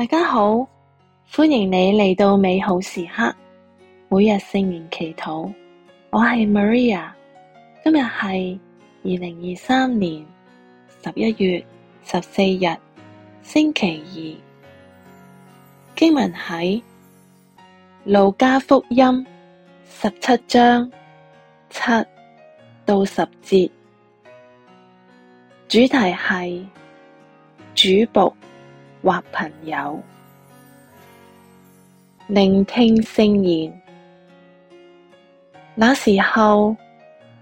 大家好，歡迎你嚟到美好時刻，每日聖言祈禱。我係 Maria，今日係二零二三年十一月十四日星期二。經文喺路加福音十七章七到十節，主題係主僕或朋友。聆聽聖言，那時候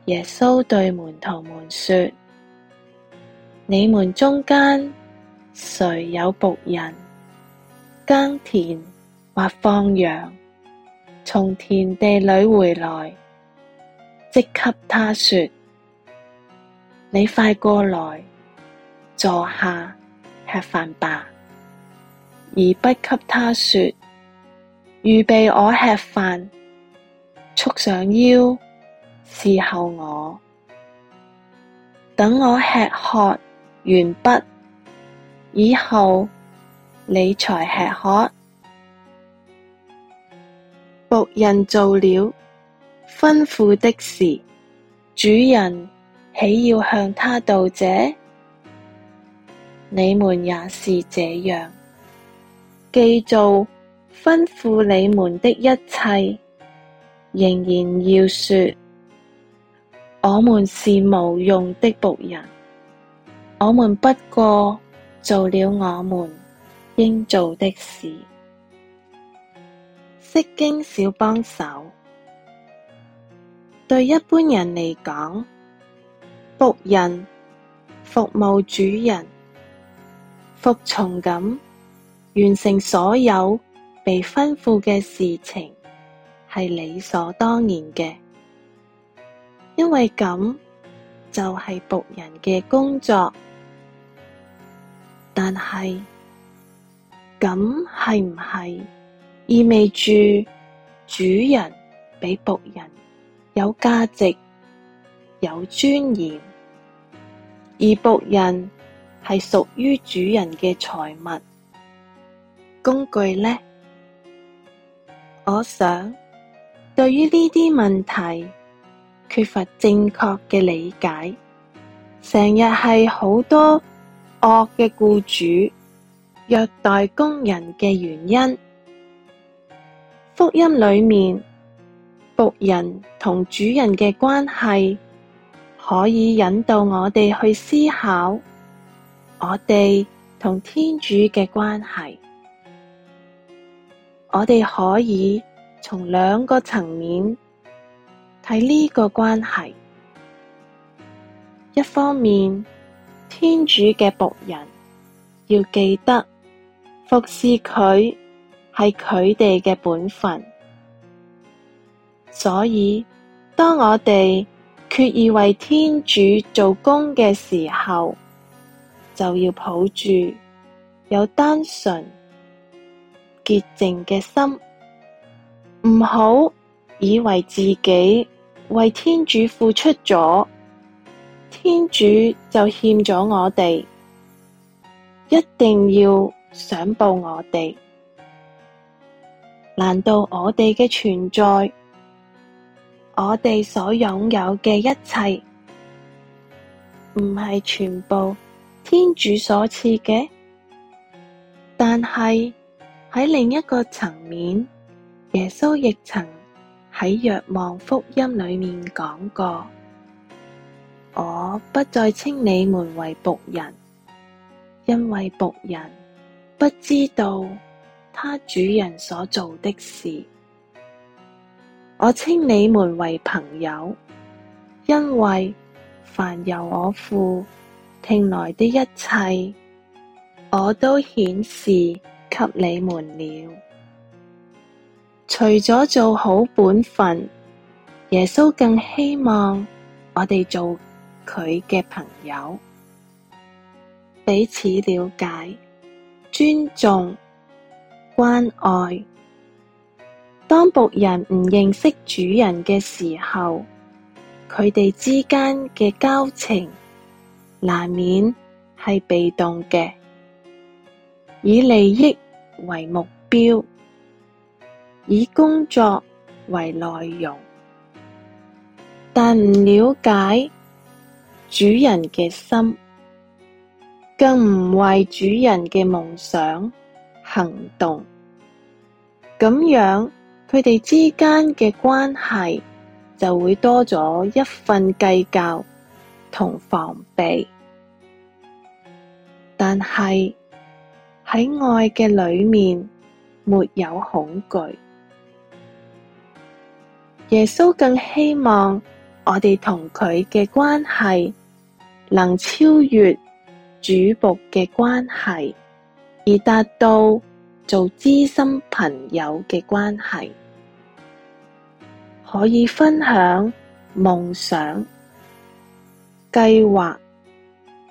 耶穌對門徒們說：你們中間誰有僕人耕田或放羊，從田地裏回來，即給他說：你快過來坐下吃飯吧。而不給他說，預備我吃飯，束上腰伺候我，等我吃喝完畢以後，你才吃喝。僕人做了吩咐的事，主人豈要向他道謝？你們也是這樣。既做吩咐你們的一切，仍然要說：我們是無用的僕人，我們不過做了我們應做的事。釋經小幫手，對一般人嚟講，僕人服務主人，服從感。完成所有被吩咐嘅事情，係理所當然嘅，因為咁就係僕人嘅工作。但係咁係唔係意味住主人比僕人有價值、有尊嚴，而僕人係屬於主人嘅財物？工具呢？我想對於呢啲問題缺乏正確嘅理解，成日係好多惡嘅雇主虐待工人嘅原因。福音裏面僕人同主人嘅關係，可以引導我哋去思考我哋同天主嘅關係。我哋可以從兩個層面睇呢個關係。一方面，天主嘅僕人要記得服侍佢係佢哋嘅本分。所以，當我哋決意為天主做工嘅時候，就要抱住有單純。潔淨嘅心，唔好以為自己為天主付出咗，天主就欠咗我哋，一定要償報我哋。難道我哋嘅存在，我哋所擁有嘅一切，唔係全部天主所賜嘅？但係。喺另一個層面，耶穌亦曾喺《若望福音》裏面講過：「我不再稱你們為僕人，因為僕人不知道他主人所做的事。我稱你們為朋友，因為凡由我父聽來的一切，我都顯示。給你們了。除咗做好本分，耶穌更希望我哋做佢嘅朋友，彼此了解、尊重、關愛。當僕人唔認識主人嘅時候，佢哋之間嘅交情難免係被動嘅。以利益為目標，以工作為內容，但唔了解主人嘅心，更唔為主人嘅夢想行動，咁樣佢哋之間嘅關係就會多咗一份計較同防備，但係，喺愛嘅裏面，沒有恐懼。耶穌更希望我哋同佢嘅關係能超越主僕嘅關係，而達到做知心朋友嘅關係，可以分享夢想、計劃，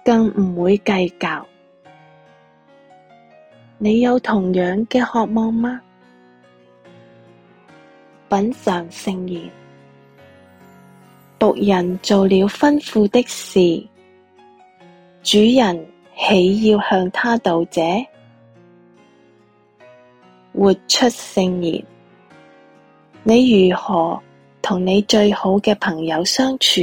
更唔會計較。你有同樣嘅渴望嗎？品嚐聖言，僕人做了吩咐的事，主人豈要向他道謝？活出聖言，你如何同你最好嘅朋友相處？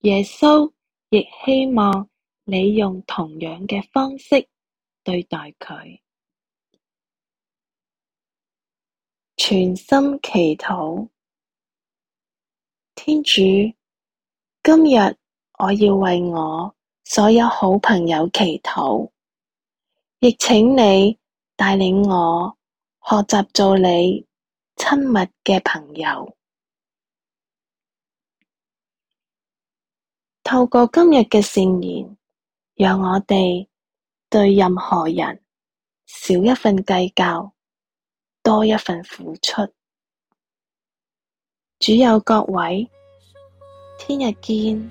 耶穌亦希望你用同樣嘅方式。對待佢，全心祈禱。天主，今日我要為我所有好朋友祈禱，亦請祢帶領我學習做祢親密嘅朋友。透過今日嘅聖言，讓我哋對任何人少一份計較，多一份付出。主佑各位，聽日見。